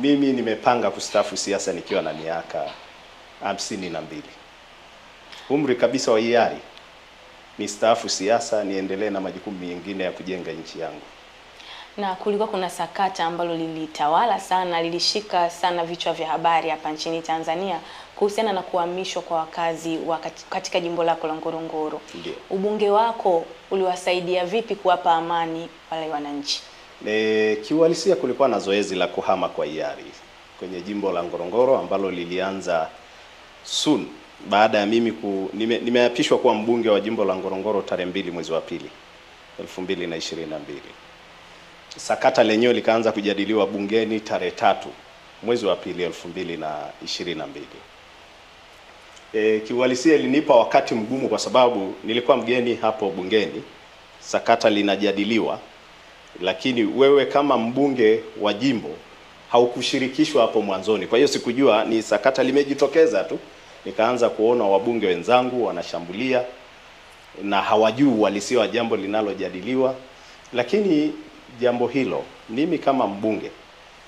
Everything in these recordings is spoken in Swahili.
mimi nimepanga kustaafu siasa nikiwa na miaka hamsini na mbili, umri kabisa wa hiari ni staafu siasa niendelee na majukumu mengine ya kujenga nchi yangu. Na kulikuwa kuna sakata ambalo lilitawala sana, lilishika sana vichwa vya habari hapa nchini Tanzania kuhusiana na kuhamishwa kwa wakazi wa katika jimbo lako la Ngorongoro. Ubunge wako uliwasaidia vipi kuwapa amani wale wananchi? E, kiuhalisia kulikuwa na zoezi la kuhama kwa hiari kwenye jimbo la Ngorongoro ambalo lilianza soon baada ya mimi ku, nime, nimeapishwa kuwa mbunge wa jimbo la Ngorongoro tarehe mbili mwezi wa pili 2022. Sakata lenyewe likaanza kujadiliwa bungeni tarehe tatu mwezi wa pili 2022. E, kiuhalisia ilinipa wakati mgumu kwa sababu nilikuwa mgeni hapo bungeni, sakata linajadiliwa lakini wewe kama mbunge wa jimbo haukushirikishwa hapo mwanzoni. Kwa hiyo sikujua ni sakata limejitokeza tu, nikaanza kuona wabunge wenzangu wanashambulia na hawajui walisiwa jambo linalojadiliwa. Lakini jambo hilo mimi kama mbunge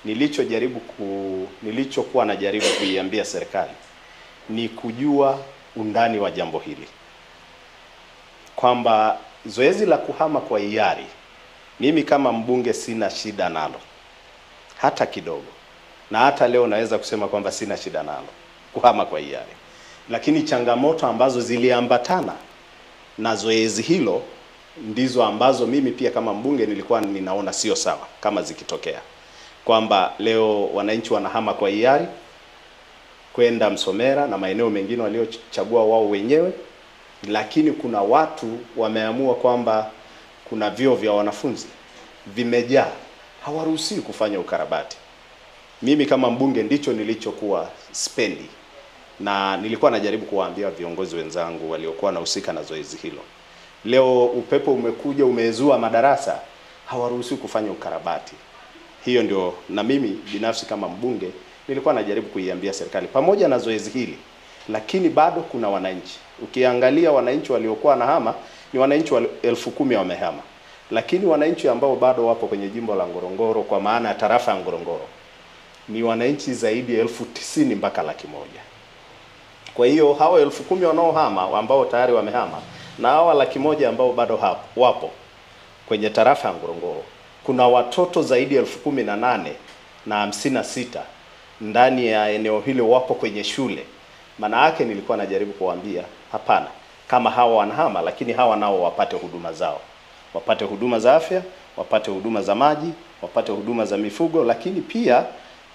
nilichojaribu ku, nilichokuwa najaribu kuiambia serikali ni kujua undani wa jambo hili kwamba zoezi la kuhama kwa hiari mimi kama mbunge sina shida nalo hata kidogo, na hata leo naweza kusema kwamba sina shida nalo kuhama kwa hiari, lakini changamoto ambazo ziliambatana na zoezi hilo ndizo ambazo mimi pia kama mbunge nilikuwa ninaona sio sawa kama zikitokea kwamba leo wananchi wanahama kwa hiari kwenda Msomera na maeneo mengine waliochagua wao wenyewe, lakini kuna watu wameamua kwamba kuna vyoo vya wanafunzi vimejaa, hawaruhusiwi kufanya ukarabati. Mimi kama mbunge ndicho nilichokuwa spendi, na nilikuwa najaribu kuwaambia viongozi wenzangu waliokuwa wanahusika na zoezi hilo. Leo upepo umekuja umezua madarasa, hawaruhusiwi kufanya ukarabati. Hiyo ndio, na mimi binafsi kama mbunge nilikuwa najaribu kuiambia serikali, pamoja na zoezi hili, lakini bado kuna wananchi. Ukiangalia wananchi waliokuwa na hama ni wananchi wa elfu kumi wamehama, lakini wananchi ambao bado wapo kwenye jimbo la Ngorongoro kwa maana ya tarafa ya Ngorongoro ni wananchi zaidi ya elfu tisini mpaka laki moja. Kwa hiyo hao elfu kumi wanaohama ambao tayari wamehama na hawa laki moja ambao bado hapo wapo kwenye tarafa ya Ngorongoro kuna watoto zaidi ya elfu kumi na nane na hamsini na sita ndani ya eneo hilo wapo kwenye shule. Maana yake nilikuwa najaribu kuwaambia hapana, kama hawa wanahama, lakini hawa nao wapate huduma zao, wapate huduma za afya, wapate huduma za maji, wapate huduma za mifugo, lakini pia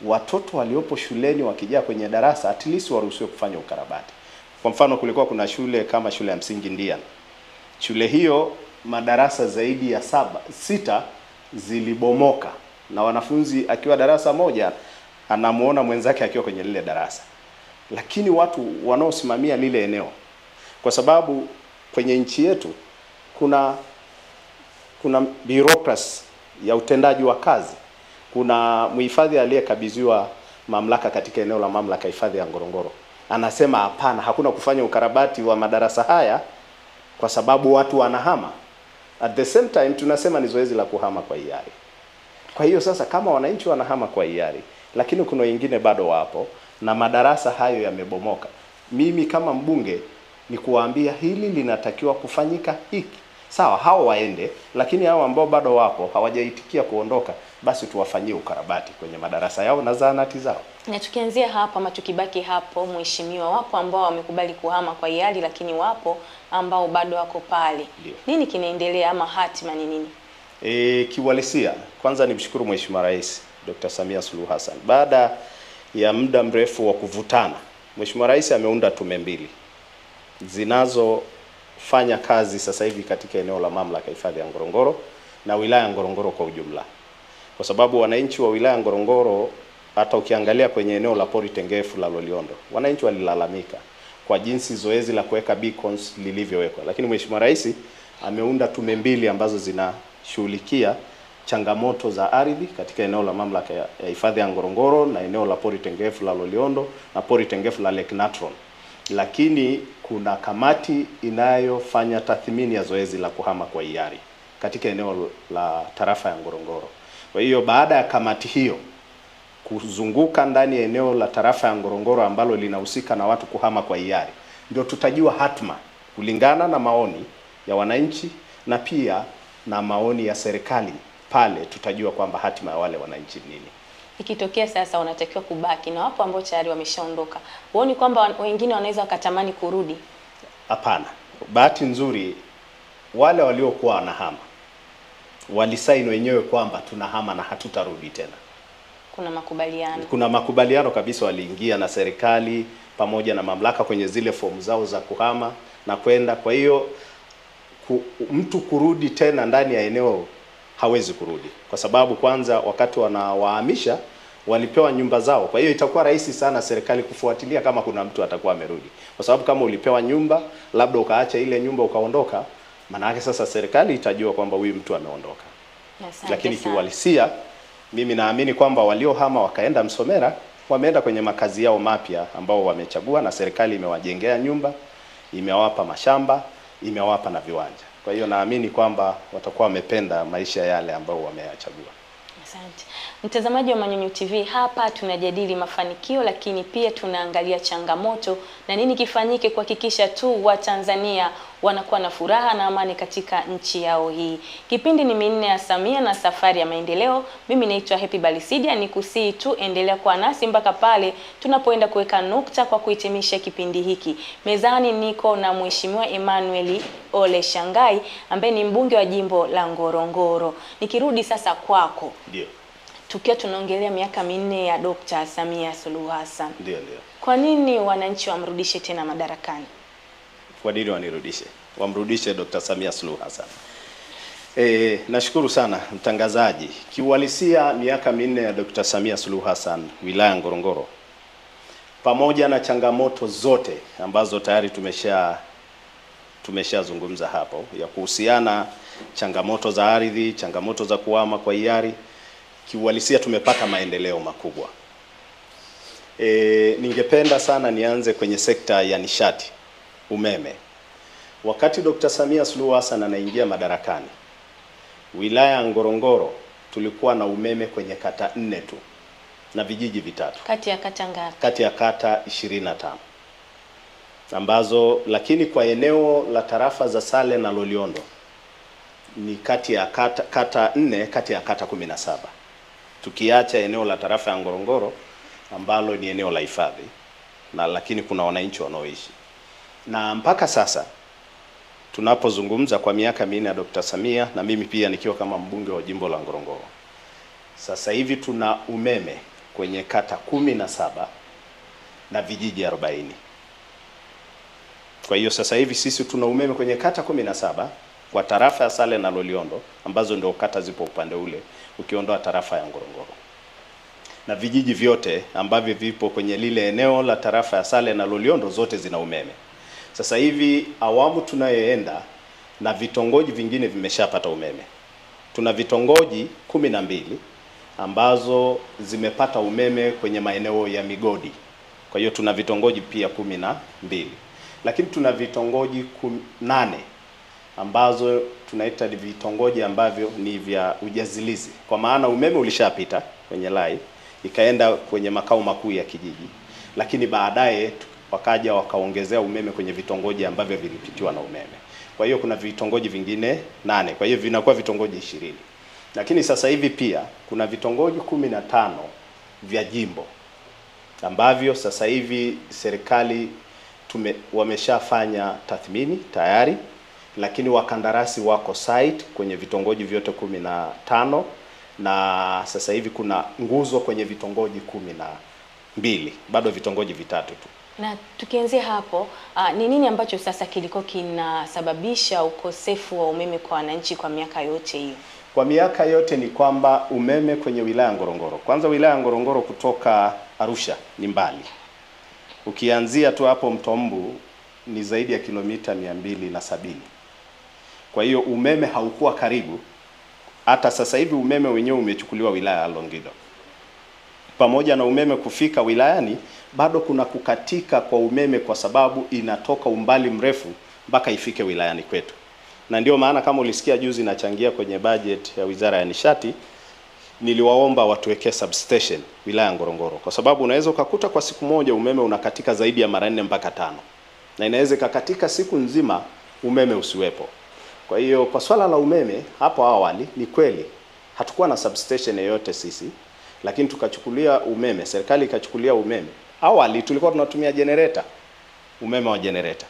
watoto waliopo shuleni wakijaa kwenye darasa at least waruhusiwe kufanya ukarabati. Kwa mfano, kulikuwa kuna shule kama shule ya msingi Ndian, shule hiyo madarasa zaidi ya saba sita zilibomoka, na wanafunzi akiwa darasa moja anamuona mwenzake akiwa kwenye lile darasa, lakini watu wanaosimamia lile eneo kwa sababu kwenye nchi yetu kuna kuna bureaucracy ya utendaji wa kazi. Kuna mhifadhi aliyekabidhiwa mamlaka katika eneo la mamlaka hifadhi ya Ngorongoro anasema hapana, hakuna kufanya ukarabati wa madarasa haya kwa sababu watu wanahama. At the same time tunasema ni zoezi la kuhama kwa hiari. Kwa hiyo sasa, kama wananchi wanahama kwa hiari, lakini kuna wengine bado wapo na madarasa hayo yamebomoka, mimi kama mbunge ni kuwaambia hili linatakiwa kufanyika hiki. Sawa, hao waende, lakini hao ambao bado wapo hawajaitikia kuondoka, basi tuwafanyie ukarabati kwenye madarasa yao na zahanati zao. Na tukianzia hapa ama tukibaki hapo, mheshimiwa, wapo ambao wamekubali kuhama kwa hiari, lakini wapo ambao bado wako pale. Nini kinaendelea ama hatima ni nini? E, kiuhalisia kwanza nimshukuru Mheshimiwa Rais Dr. Samia Suluhu Hassan baada ya muda mrefu wa kuvutana. Mheshimiwa Rais ameunda tume mbili zinazofanya kazi sasa hivi katika eneo la mamlaka hifadhi ya Ngorongoro na wilaya ya Ngorongoro kwa ujumla, kwa sababu wananchi wa wilaya ya Ngorongoro hata ukiangalia kwenye eneo la pori tengefu la Loliondo wananchi walilalamika kwa jinsi zoezi la kuweka beacons lilivyowekwa, lakini Mheshimiwa Rais ameunda tume mbili ambazo zinashughulikia changamoto za ardhi katika eneo la mamlaka ya hifadhi ya Ngorongoro na eneo la pori tengefu la Loliondo na pori tengefu la Lake Natron, lakini kuna kamati inayofanya tathmini ya zoezi la kuhama kwa hiari katika eneo la tarafa ya Ngorongoro. Kwa hiyo baada ya kamati hiyo kuzunguka ndani ya eneo la tarafa ya Ngorongoro ambalo linahusika na watu kuhama kwa hiari, ndio tutajua hatma kulingana na maoni ya wananchi na pia na maoni ya serikali. Pale tutajua kwamba hatima ya wale wananchi nini ikitokea sasa wanatakiwa kubaki, na wapo ambao tayari wameshaondoka. Huoni kwamba wengine wanaweza wakatamani kurudi? Hapana, bahati nzuri wale waliokuwa wanahama walisaini wenyewe kwamba tunahama na hatutarudi tena. Kuna makubaliano, kuna makubaliano kabisa, waliingia na serikali pamoja na mamlaka kwenye zile fomu zao za kuhama na kwenda. Kwa hiyo ku, mtu kurudi tena ndani ya eneo hawezi kurudi, kwa sababu kwanza, wakati wanawahamisha walipewa nyumba zao. Kwa hiyo itakuwa rahisi sana serikali kufuatilia kama kuna mtu atakuwa amerudi, kwa sababu kama ulipewa nyumba labda ukaacha ile nyumba ukaondoka, maana yake sasa serikali itajua kwamba huyu mtu ameondoka. Yes, lakini kiuhalisia mimi naamini kwamba waliohama wakaenda Msomera wameenda kwenye makazi yao mapya ambao wamechagua, na serikali imewajengea nyumba, imewapa mashamba, imewapa na viwanja. Kwa hiyo naamini kwamba watakuwa wamependa maisha yale ambayo wameyachagua. Asante mtazamaji wa Manyunyu TV, hapa tunajadili mafanikio, lakini pia tunaangalia changamoto na nini kifanyike kuhakikisha tu Watanzania wanakuwa na furaha na amani katika nchi yao hii. Kipindi ni minne ya Samia na safari ya maendeleo. Mimi naitwa Happy Balisidia, ni kusii tu endelea kuwa nasi mpaka pale tunapoenda kuweka nukta kwa kuhitimisha kipindi hiki. Mezani niko na Mheshimiwa Emmanuel Ole Shangai ambaye ni mbunge wa jimbo la Ngorongoro. Nikirudi sasa kwako. Ndio. Tukiwa tunaongelea miaka minne ya Dr. Samia Suluhu Hassan. Ndio, ndio. Kwa nini wananchi wamrudishe tena madarakani? wadili wanirudishe, wamrudishe Dr. Samia Suluhu Hassan. E, nashukuru sana mtangazaji. Kiuhalisia, miaka minne ya Dr. Samia Suluhu Hassan wilaya Ngorongoro, pamoja na changamoto zote ambazo tayari tumesha tumeshazungumza hapo ya kuhusiana changamoto za ardhi, changamoto za kuhama kwa hiari, kiuhalisia tumepata maendeleo makubwa. E, ningependa sana nianze kwenye sekta ya nishati umeme. Wakati Dr. Samia Suluhu Hassan anaingia madarakani, wilaya ya Ngorongoro tulikuwa na umeme kwenye kata nne tu na vijiji vitatu kati ya kata ngapi? Kati ya kata 25 ambazo, lakini kwa eneo la tarafa za Sale na Loliondo ni kati ya kata kata nne kati ya kata 17 tukiacha eneo la tarafa ya Ngorongoro ambalo ni eneo la hifadhi na lakini kuna wananchi wanaoishi na mpaka sasa tunapozungumza kwa miaka minne ya Dr. Samia na mimi pia nikiwa kama mbunge wa jimbo la Ngorongoro, sasa hivi tuna umeme kwenye kata kumi na saba na vijiji arobaini. Kwa hiyo sasa hivi sisi tuna umeme kwenye kata kumi na saba kwa tarafa ya Sale na Loliondo ambazo ndio kata zipo upande ule ukiondoa tarafa ya Ngorongoro na vijiji vyote ambavyo vipo kwenye lile eneo la tarafa ya Sale na Loliondo zote zina umeme. Sasa hivi awamu tunayoenda na vitongoji vingine vimeshapata umeme. Tuna vitongoji kumi na mbili ambazo zimepata umeme kwenye maeneo ya migodi. Kwa hiyo tuna vitongoji pia kumi na mbili, lakini tuna vitongoji nane ambazo tunaita vitongoji ambavyo ni vya ujazilizi, kwa maana umeme ulishapita kwenye lai ikaenda kwenye makao makuu ya kijiji, lakini baadaye wakaja wakaongezea umeme kwenye vitongoji ambavyo vilipitiwa na umeme. Kwa hiyo kuna vitongoji vingine nane, kwa hiyo vinakuwa vitongoji ishirini. Lakini sasa hivi pia kuna vitongoji kumi na tano vya jimbo ambavyo sasa hivi serikali tume, wameshafanya tathmini tayari, lakini wakandarasi wako site kwenye vitongoji vyote kumi na tano na sasa hivi kuna nguzo kwenye vitongoji kumi na mbili, bado vitongoji vitatu tu. Na tukianzia hapo ah, ni nini ambacho sasa kilikuwa kinasababisha ukosefu wa umeme kwa wananchi kwa miaka yote hiyo? Kwa miaka yote ni kwamba umeme kwenye wilaya Ngorongoro, kwanza wilaya Ngorongoro kutoka Arusha ni mbali, ukianzia tu hapo Mtombu ni zaidi ya kilomita mia mbili na sabini. Kwa hiyo umeme haukuwa karibu. Hata sasa hivi umeme wenyewe umechukuliwa wilaya ya Longido pamoja na umeme kufika wilayani, bado kuna kukatika kwa umeme kwa sababu inatoka umbali mrefu mpaka ifike wilayani kwetu, na ndio maana kama ulisikia juzi nachangia kwenye budget ya Wizara ya Nishati, niliwaomba watuwekee substation wilaya ya Ngorongoro, kwa sababu unaweza ukakuta kwa siku moja umeme unakatika zaidi ya mara nne mpaka tano, na inaweza ikakatika siku nzima umeme usiwepo. Kwa hiyo kwa swala la umeme hapo awali, ni kweli hatukuwa na substation yoyote sisi lakini tukachukulia umeme, serikali ikachukulia umeme. Awali tulikuwa tunatumia jenereta, umeme wa jenereta,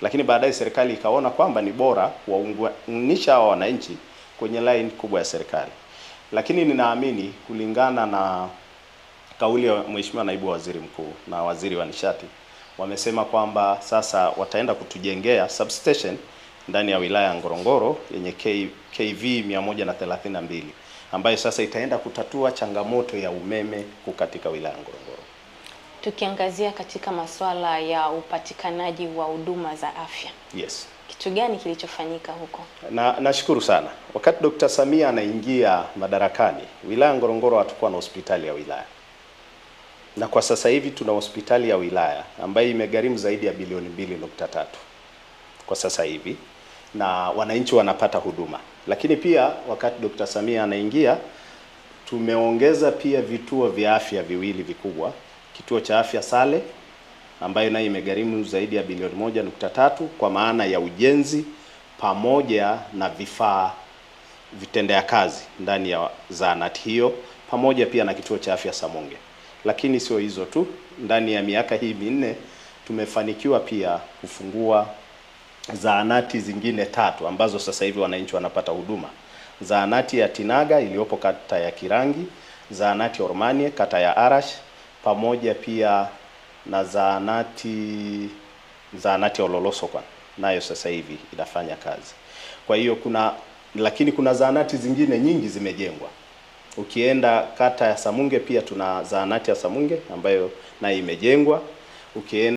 lakini baadaye serikali ikaona kwamba ni bora kuwaunganisha hawa wananchi kwenye line kubwa ya serikali. Lakini ninaamini kulingana na kauli ya Mheshimiwa Naibu Waziri Mkuu na Waziri wa Nishati wamesema kwamba sasa wataenda kutujengea substation ndani ya wilaya ya Ngorongoro yenye KV 132 ambayo sasa itaenda kutatua changamoto ya umeme katika wilaya ya Ngorongoro. Tukiangazia katika masuala ya upatikanaji wa huduma za afya. Yes. Kitu gani kilichofanyika huko? Na nashukuru sana. Wakati Dr. Samia anaingia madarakani, wilaya Ngorongoro hatukuwa na hospitali ya wilaya, na kwa sasa hivi tuna hospitali ya wilaya ambayo imegharimu zaidi ya bilioni 2.3 kwa sasa hivi, na wananchi wanapata huduma. Lakini pia wakati Dr. Samia anaingia, tumeongeza pia vituo vya afya viwili vikubwa, kituo cha afya Sale ambayo nayo imegharimu zaidi ya bilioni moja nukta tatu kwa maana ya ujenzi pamoja na vifaa vitendea kazi ndani ya zahanati hiyo pamoja pia na kituo cha afya Samonge. Lakini sio hizo tu, ndani ya miaka hii minne tumefanikiwa pia kufungua zahanati zingine tatu ambazo sasa hivi wananchi wanapata huduma: zahanati ya Tinaga iliyopo kata ya Kirangi, zahanati Ormanie kata ya Arash, pamoja pia na zahanati zahanati ya kwa nayo sasa hivi inafanya kazi. Kwa hiyo kuna lakini kuna zahanati zingine nyingi zimejengwa. Ukienda kata ya Samunge pia tuna zahanati ya Samunge ambayo nayo imejengwa. Ukienda